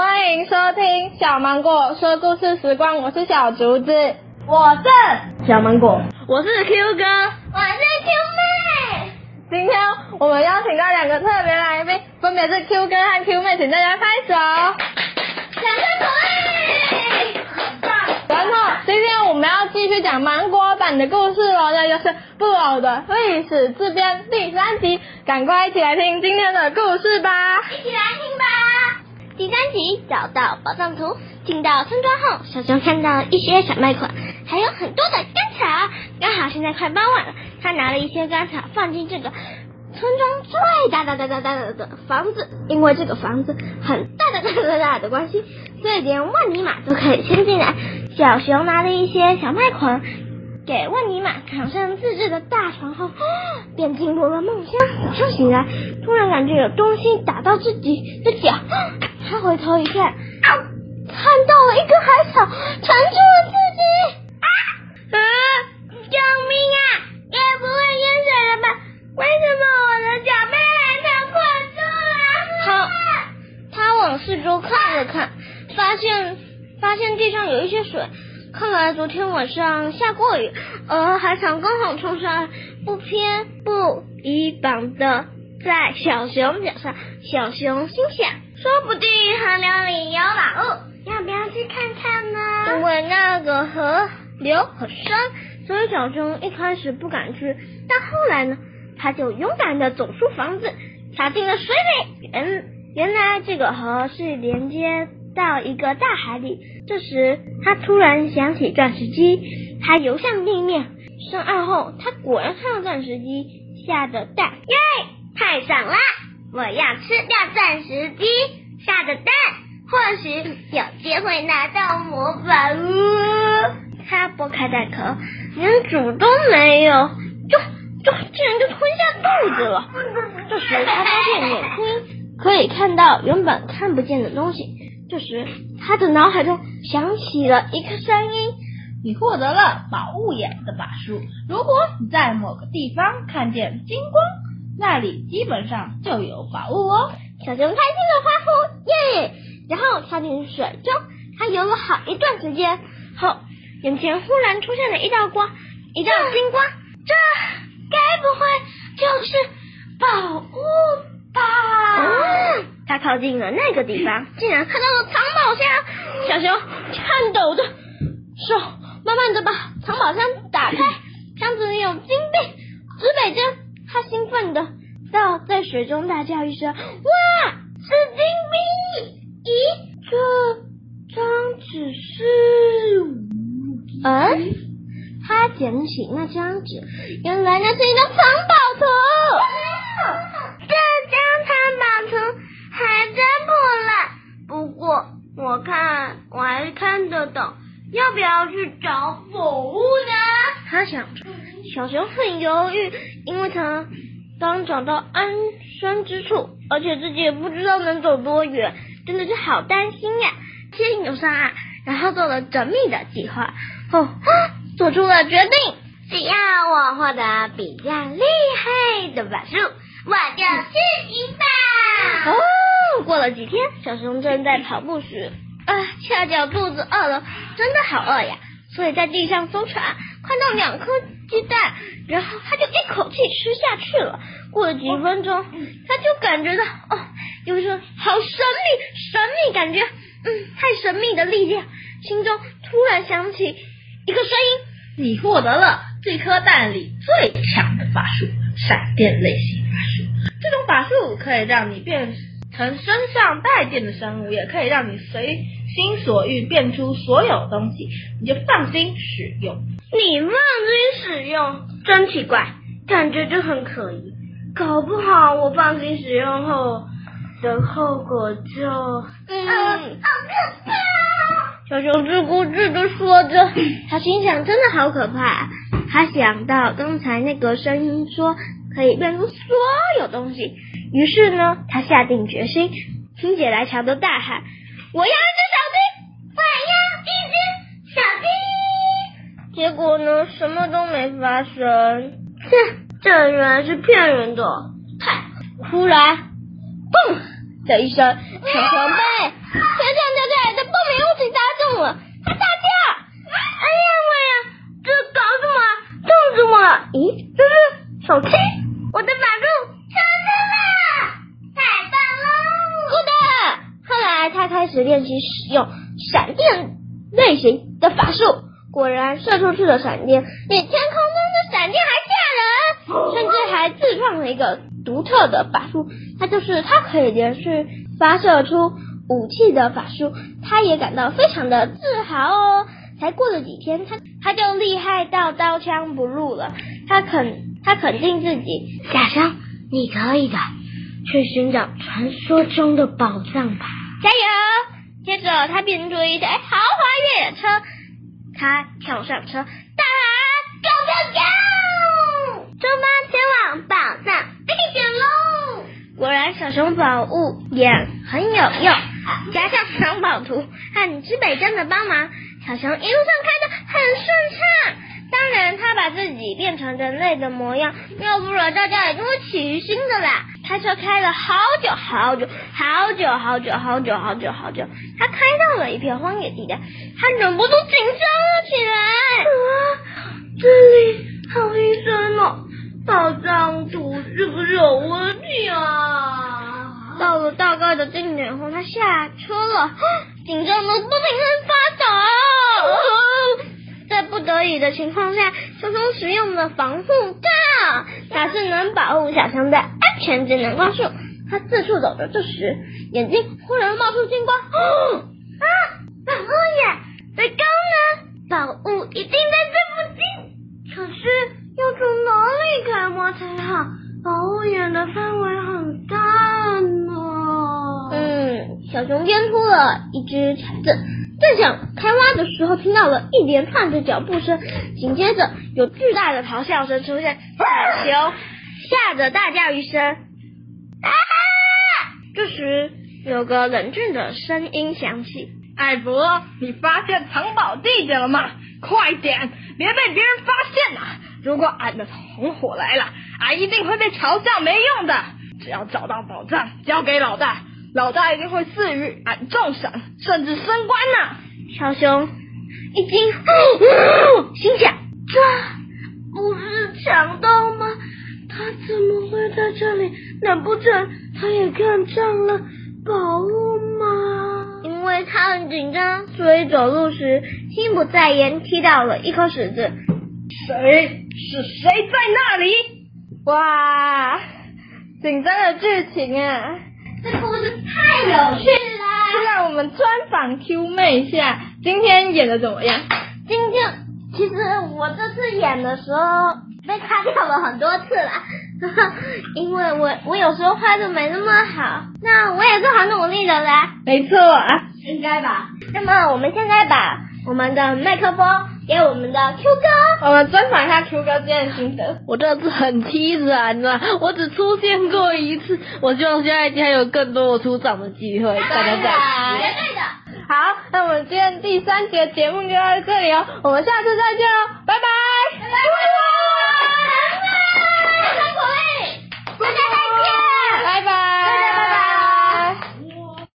歡迎收聽小芒果說故事時光，我是小竹子，我是小芒果，我是 Q 哥，我是 Q 妹。今天我們邀請到兩個特別來賓，分別是 Q 哥和 Q 妹，請大家拍手、哦。兩個可愛。然後今天我們要繼續講芒果版的故事咯，那就是《布偶的歷史自編》第三集，趕快一起來聽今天的故事吧。一起來聽。第三集，找到寶藏圖。進到村莊後，小熊看到一些小麥捆，還有很多的乾草，剛好現在快傍晚了。他拿了一些乾草放進這個村莊最大的、大、大、大、大的房子，因為這個房子很大、的、大、大、大的關係，所以連萬里馬都可以先進來。小熊拿了一些小麥捆。給萬尼瑪躺上自制的大床後，便進入了夢鄉。早上醒來，突然感覺有東西打到自己的腳，他回頭一看，啊、看到了一棵海草纏住了自己、啊啊。救命啊！該不會淹水了吧？為什麼我的腳被海草捆住了？好，他他往四周看了看，發現發現地上有一些水。看來昨天晚上下過雨，而海草剛好沖上不偏不倚，綁的在小熊腳上。小熊心想：說不定河流裡有寶物，要不要去看看呢？因為那個河流很深，所以小熊一開始不敢去。但後來呢，他就勇敢地走出房子，爬進了水裡。原原來這個河是連接到一個大海裡。這時，他突然想起鑽石雞，他游向地面，上岸後，他果然看到鑽石雞下的蛋，耶，太爽啦！我要吃掉鑽石雞下的蛋，或許有機會拿到魔法屋。他剝開蛋殼，連煮都沒有，就就竟然就吞下肚子了。這時，他發現眼睛 可以看到原本看不見的東西。這時。他的腦海中響起了一個聲音：“你獲得了寶物眼的法術，如果你在某個地方看見金光，那裡基本上就有寶物哦。”小熊開心的歡呼：“耶、yeah!！” 然後跳進水中，他游了好一段時間後，眼前忽然出現了一道光，一道金光。這，這該不會就是寶物吧？他、哦、靠近了那個地方，呃、竟然看到了藏寶。好像小熊顫抖的手，慢慢的把藏寶箱打開，箱子裡有金幣、指北針，他興奮的到在水中大叫一聲：“哇！是金幣！”咦，這張紙是……嗯，他撿起那張紙，原來那是一張藏寶圖。我看，我還是看得懂。要不要去找寶物呢？他想。小熊很猶豫，因為他剛找到安身之處，而且自己也不知道能走多遠，真的是好擔心呀。牽扭上岸，然後做了縝密的計劃，哦哈做出了決定。只要我獲得比較厲害的本事，我就是尋寶。嗯、哦，過了幾天，小熊正在跑步時。呃、恰巧肚子餓了，真的好餓呀，所以在地上搜查，看到兩顆雞蛋，然後他就一口氣吃下去了。過了幾分鐘，哦、他就感覺到，哦，就是好神秘，神秘感覺，嗯，太神秘的力量，心中突然響起一個聲音，你獲得了這顆蛋裡最強的法術，閃電類型法術，這種法術可以讓你變。能身上帶電的生物，也可以讓你隨心所欲變出所有東西，你就放心使用。你放心使用，真奇怪，感覺就很可疑。搞不好我放心使用後的後果就……嗯，好可怕！啊、小熊自顧自的說着，他心想：真的好可怕。他想到剛才那個聲音說可以變出所有東西。於是呢，他下定決心，心血來潮的大喊：“我要一隻小雞，我要一隻小雞！”結果呢，什麼都沒發生。哼，這原來是騙人的。突然，嘣的一聲，小強被，小強的，下來，在玻璃屋砸中了。他大叫：“哎呀媽呀！這搞什麼？撞住我了！”咦，這是手機，我的媽！開始練習使用閃電類型的法術，果然射出去的閃電比天空中的閃電還嚇人，甚至還自創了一個獨特的法術，它就是他可以連續發射出武器的法術，他也感到非常的自豪哦。才過了幾天，他他就厲害到刀槍不入了，他肯他肯定自己，小聲你可以的，去尋找傳說中的寶藏吧。加油！接着他變出一台豪華越野車，他跳上車，大喊：“Go go go！” 出發前往寶藏地點嘍！哎、咯咯果然，小熊寶物也很有用。啊、加上藏寶圖和指北針的幫忙，小熊一路上開得很順暢。當然，他把自己變成人類的模樣，要不然大家已經會起疑心的啦。開車開了好久好久。好久好久好久好久好久，他開到了一片荒野地帶，他忍不住緊張了起來。啊，這裡好陰森哦，寶藏圖是不是有問題啊？到了大概的地點後，他下車了，緊、啊、張的不停發抖、啊。在不得已的情況下，小熊使用了防護罩，它是能保護小熊的安全智能光束。他四處走着，這時眼睛忽然冒出金光。哦，啊，寶物眼在高呢，寶物一定在這附近。可是要從哪裡開挖才好？寶物眼的範圍很大呢。嗯，小熊掂出了一隻鏟子，正想開挖的時候，聽到了一連串的腳步聲，緊接着有巨大的咆哮聲出現。小、啊、熊嚇得大叫一聲。啊、這時，有個冷峻的聲音響起：“艾博，你發現藏寶地點了嗎？快點，別被別人發現吶！如果俺的同夥來了，俺一定會被嘲笑沒用的。只要找到寶藏，交給老大，老大一定會賜予俺重賞，甚至升官呢、啊。”小熊一驚，嗯、心想搶：這不是強盜嗎？難不成他也看上了寶物嗎？因為他很緊張，所以走路時心不在焉，踢到了一顆石子。誰？是誰在那裡？哇！緊張的劇情啊！這故事太有趣了！就讓我們專訪 Q 妹一下，今天演的怎麼樣？今天其實我這次演的時候被卡掉了很多次了。哈哈， 因為我我有時候畫的沒那麼好，那我也是很努力的啦。沒錯啊，應該吧。那麼我們現在把我們的麥克風給我們的 Q 哥哦，我們專訪一下 Q 哥今天的心得。我這次很淒慘呢，我只出現過一次，我希望現在一定還有更多我出場的機會。對拜的，對的。好，那我們今天第三集的節目就到這裡哦，我們下次再見哦，拜拜。拜拜。拜拜。大家再見，拜拜。